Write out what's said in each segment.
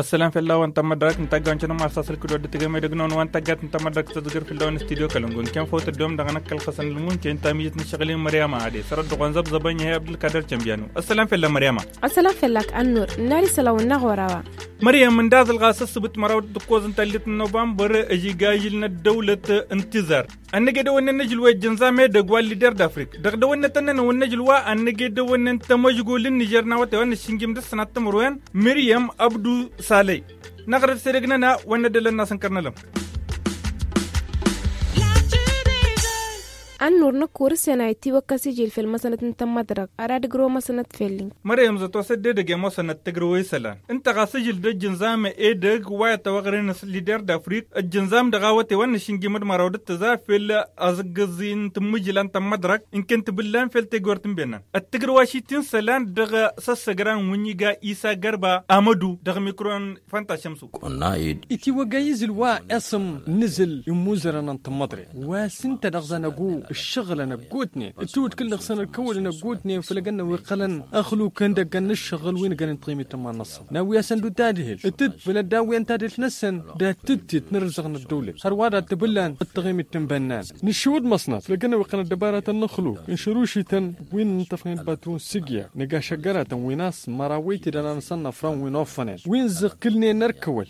ಅಸ್ಸಲಾಂ ಫೆಲ್ಲ ಒನ್ ತಮ್ಮ ಡಾಕ್ ಇಂತ ಗಂಚನ ಮಾರ್ಸ ಸಲ್ಕ ದೊಡ್ಡ ತಿಗ ಮೇಡಗ್ ನೋನ್ ಒನ್ ತಗ್ಗತ್ ಇಂತ ಮಡಕ್ ತದಗರ್ ಫೆಲ್ಲ ಒನ್ ಸ್ಟುಡಿಯೋ ಕಲಂಗುನ್ ಕೆಂ ಫೋತ ಡೋಮ್ ಡಗನ ಕಲ್ ಖಸನ್ ಲಮುನ್ ಕೆಂ ತಾಮಿಯತ್ ನಿಶಗಲಿ ಮರಿಯಮ ಆಡಿ ಸರ ದೊಗನ್ ಜಬ್ ಜಬನ್ ಯೆ ಅಬ್ದುಲ್ ಕದರ್ ಚಂಬಿಯಾನು ಅಸ್ಸಲಾಂ ಫೆಲ್ಲ ಮರಿಯಮ ಅಸ್ಸಲಾಂ ಫೆಲ್ಲಕ್ ಅನ್ನೂರ್ ನಾರಿ ಸಲಾವನ್ನ ಗೋರಾವಾ مريم من داز الغاسس بت مراو دكوز انت اللي نوفمبر اجي جايل الدولة انتظار انك دو ان نجل وجنزامي دقوال لدير دافريك دق دو ان تنن ونجل وا انك دو ان انت مشغول النجر ناوتي وان الشنجم دسنا تمروين مريم ابدو سالي نغرف سيرقنا نا وان دلنا سنكرنا لهم an nurna kursenai tiwa kasijil fel masanat nta madrak arad gro masanat felling maryam zato sedde dege masanat tigro wesalan inta kasijil de jinzam e deg waya tawagrin lider da afrik jinzam da gawate wan shingi mad marawdat za fel azgazin tmujilan ta madrak inken tbillan fel te gortin benan at tigro washitin salan daga sassagran wuniga isa garba amadu daga mikron fanta shamsu qonna iti wagayizil wa asm nizil yumuzranan ta madrak wasinta dagzanagu الشغل أنا بقوتني التوت كل خصنا الكول أنا بقوتني فلقنا وقلن أخلو كان دقن الشغل وين كان نطيمي تما نص ناوي أسن دو تادهل التد فلا داوي انت تادل نسن دا تدتي تنرزغن الدولة صار وادا تبلان التغيمي تنبنان نشود مصنع فلقنا وقلن دبارة نخلو انشروشي تن وين نتفقين باتون سيجيا نقا شقرة ويناس مراويتي دانا نصنع فران وين اوفنين وين زقلني نركول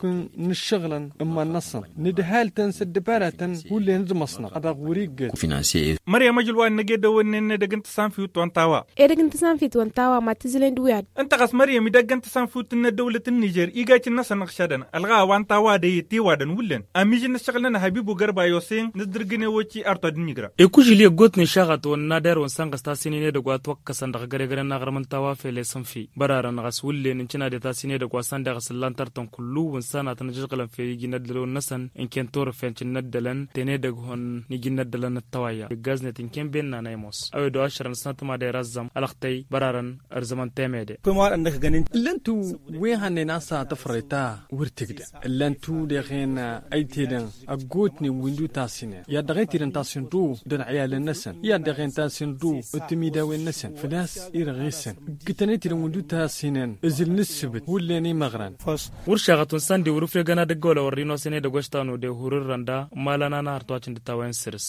كن نشغلن أما نصن ندهال تنسد بارة ولي نزمصنا هذا غريق financier maryama julwa nage da wannan ne daga ta san fitu wantawa e daga ta san fitu wantawa ma tizlen duya anta kas maryam daga ta san fitu na dawlatin niger igacin na sanak shadan alga wantawa da yiti wadan wullen amijin na shaglan habibu garba yosin na dirgine woci arta dinigra e kujili gotne shagat na dar won san gasta sinine da gwa twakka san daga gare gare na garmantawa fele san fi barara na gas wullen cina da ta sine da gwa san daga sallan tartan kullu won sana tan jiglan fe yi na dilo nasan in kentor fencin na dalan tene daga hon ni ginna dalan tawaya gaznetin kembin na naimos ayo do ashirin sanatuma da razzam alaktai bararan arzaman temede kuma waɗanda ka ganin lantu we hanne nasa ta farita wurtigda lantu da gena aitidan agotni windu tasine ya da gaitidan tasin du dan ayalan nasan ya da tasin du utimida wen nasan flas irgisan gitanitidan windu tasinen izil nisbet hulani magran wurshagatun sandi wurufregana da gola warrino sene gostano gwashtanu da hururranda malana na hartwacin da tawayen sirs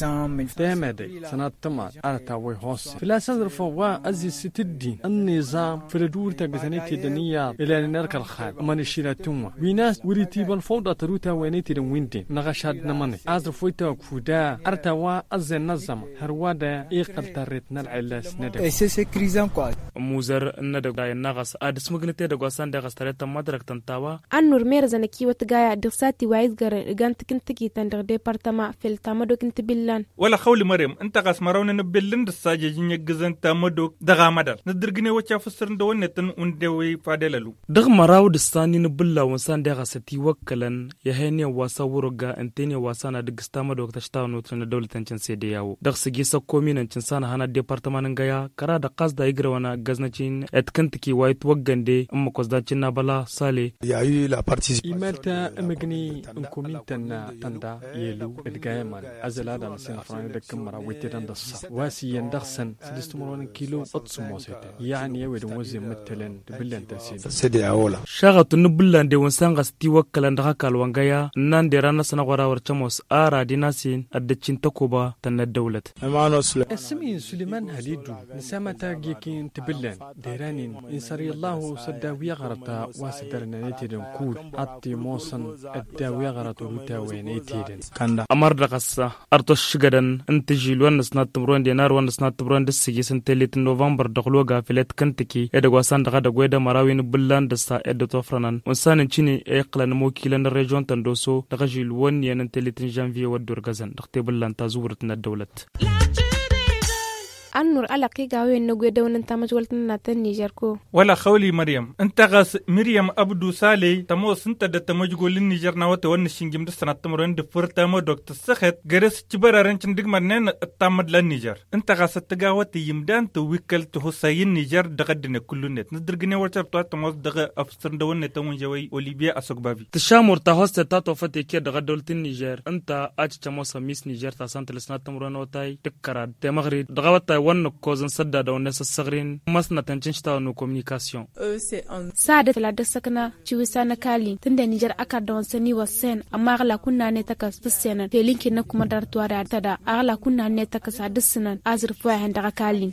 تامدي سنة تما أرتاوي هوس في الأساس رفوا أزي ست الدين النظام في الدور تقتني الدنيا إلى نرك الخال من الشيراتوما ويناس وريتي بالفوضى تروتا وينيتي ويندي نغشاد نمني أزرفويتا كفودا أرتاوا از النظام هروادا إيقل تريتنا العلاس ندق إساسي كريزان كواد موزر ندق داي النغس أدس مغنتي دقوسان دغس تريتا مدرك تنتاوا أنور ميرزانكي وتقايا دغساتي وايز غران كنتكي تندق ديبارتما في التامدو كنتبيل ንብልላን ወላ ኸውሊ መርዮም እንታ ኻ ንብልን ድሳጀጅኝ ግዘን ተመዶ ደኻመዳል ንድርግኔ ወቻ ፍስር እንደወነትን ውንደወይ ፋደለሉ ድኽመራው ድሳኒ ንብላ ወንሳ እንዲኻ ሰቲ ይወክለን የሄኔ ዋሳ ውሮጋ እንቴኔ ዋሳን ኣድግስታ መዶክ ተሽታኖትን ንደውልተንችን ሴደያው ደኽስጊ ሰኮሚን እንችንሳን ሃና ዴፓርትማን እንገያ ከራ ደቃዝዳ ይግረወና እገዝነችን እትክንትኪ ዋይት ወገንዴ እምኮዝዳችና በላ ሳሌ ይመልተ እምግኒ እንኩሚንተና ጠንዳ የሉ እድጋየማን ኣዘላዳ سن فراني دك مرا ويتيران دصا واسيا دغسن سدست مرون كيلو أطس موسيتا يعني يا ويد موزي مثلا بلان تسين سيدي أولا شغط نبلان دي ونسان غستي وكلان دغاكا الوانغايا نان دي رانا سنة غرا ورشموس آرا دي ناسين أدتشين تكوبا تن الدولة أمانو سلم اسمي سليمان هليدو نسامة تاقيكين تبلان ديرانين إنساري الله سدا ويغرطا واسدرنا نتيدن كول أطي موسن الداوية غرطو وتاوين نتيدن كندا أمر دغسا أرتوش ሽገደን እንትዥ ልወንስ ናትምሮ እንዴናር ወንስ ናትምሮ እንድስይ ስንቴሊት ኖቨምበር ደክሎ ጋፊለት ክንትኪ የደጓሳን ደኻ ደጎ የደ መራዊን ብላን ደሳ ኤደቶ ፍረናን ወንሳን እንቺኒ ኤቅለን ሞኪለን ሬጆን ተንዶሶ ደኸዥ ልወን የንንቴሊትን ዣንቪየ ወዱር ገዘን ደክቴ ብላን ታዝውርትነት ደውለት أنور ألا قيقا وين نقوي دون انت مجولت ناتن نيجركو ولا خولي مريم انت غاس مريم أبدو سالي تمو سنت دت مجول النيجر نوات ون شنجم دسنا تمرن دفور تامو دكت سخت غرس تبرا رنشن ديك مرنين التامد للنيجر انت غاس تقاوات يمدان تو توكل تحسين النيجر دغدنا كل نت ندرغني ورتب تو تمو دغ أفسر دون نتون جوي أوليبيا أسوك بابي تشامور تهوست تاتو فتي كي دغدولت النيجر انت أج تموس ميس نيجر تاسانت لسنا تمرن وتاي تكرا تمغري دغوات wanna kozan sadda da wani sassagrin masnatancin shi ta wani communication. sa da filadar sakana ciwi sana kali tun da nijar aka da wa sen amma ala kunna ne ta kasu sanan felinki na kuma dartuwa da ta da ala kunna ne ta kasa dussanan azurfuwa yan daga kali.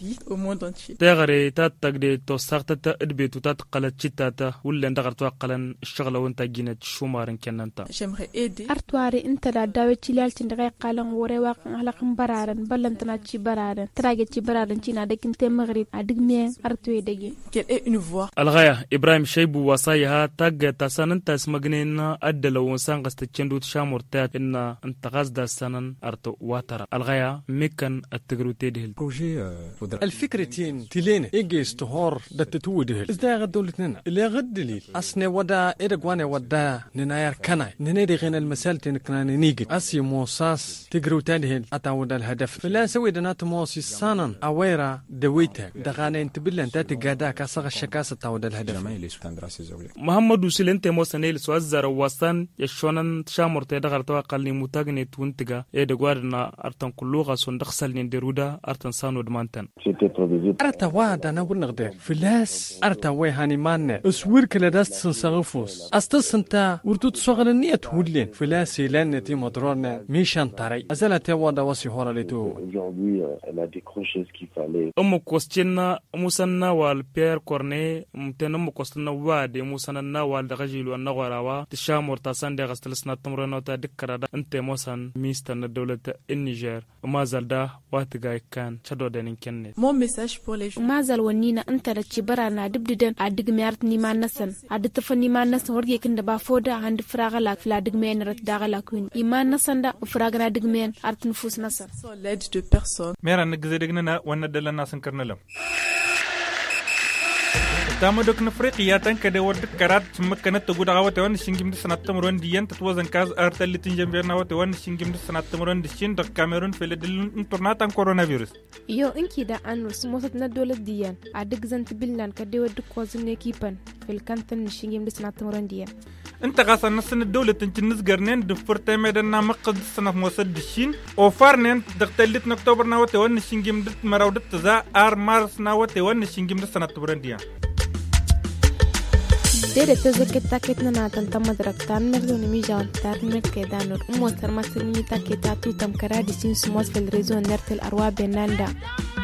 ta gare ta tagde to sarta ta idbetu ta kalaci ta ta wullen da gartuwa kalan shagalawun ta gina shumarin kenan ta. in inta da dawe ciliyalcin da kai kalan wore wakan halakan bararen ballantana ci bararen tarage ci ci baradanchina dakin te maghrib adig me artoy dege ken e une voix alghaya ibrahim shaybu wasaya tag tasanan tas magnena addala wonsan qasta cendut shamurta inna antaqas da sanan arto watara alghaya mikan attigrute dehil projet الفكرتين تلين إيجيس تهور دتتو دهل إزدا غدولتنا إلا غدليل أسنى ودا إرقواني ودا نناير كناي ننادي غينا المسال تنكنا نيجي أسي موساس تجرو تلهل أتاود الهدف فلا سوي دنات موسي سانا الآن أويرا دويتا دغانا انت بلان تاتي قادا كاسغ الشكاسة تاود الهدف محمد وسلنت موسنيل سوزر واسان يشونن شامر تدغر توقل لمتاغني تونتغا يدغوارنا أرتن كلوغا سندخسل ندرودا أرتن سانو دمانتن أرتا وادا نور نغدي فلاس أرتا وي هاني ماني اسوير كلا داست أستسن تا ورتو تسوغل نية تولين فلاس يلان نتي مدرورنا ميشان تاري أزالة وادا واسي هورا لتو chose qu'il fallait mu kostina musanna wal pierre corne mutena mu kostina wade musana na wal da gajilu an nagwarawa ta sha ta san da gastal sna tamra ta dikkara da inte mosan minista na dawlata in niger mazal da wata ga kan chado da nin kenne mon message pour les ma mazal wani na anta da cibara na dibdidan a digmiyar ni ma nasan a tafa ni ma nasan warge kin da ba foda hand fraga la fla digmen rat da la kun iman nasan da fraga na digmen artin fus nasan so led de personne mera na gze digna wanadalana sankarnalam tamadok na friq yatan kade wardik karat makana tagu daga wata wani shingimdi sanatam ruwan diyan tatwa zankaz arta litin jambiyar na wata wani shingimdi sanatam ruwan dishin da cameroon fele dilun internatan coronavirus yo inki da anus mosat na dole diyan a duk zantibil nan kade wardik wazin ne kipan fil kantan shingimdi sanatam ruwan diyan انت غاسا نسن الدولة تنجنز قرنين دفور تيميدنا مقد السنة موسد الشين وفارنين دقتلت نكتوبر ناوتي وان الشنجم دت مراودت تزا ار مارس ناوتي وان الشنجم دت سنة تبرنديا dede teze keta ketna na tan tama drak tan merdo ni mi jawan tar mer ke danor umo tar masel ni ta keta tu tam kara di sin sumos fel rezo nertel arwa benanda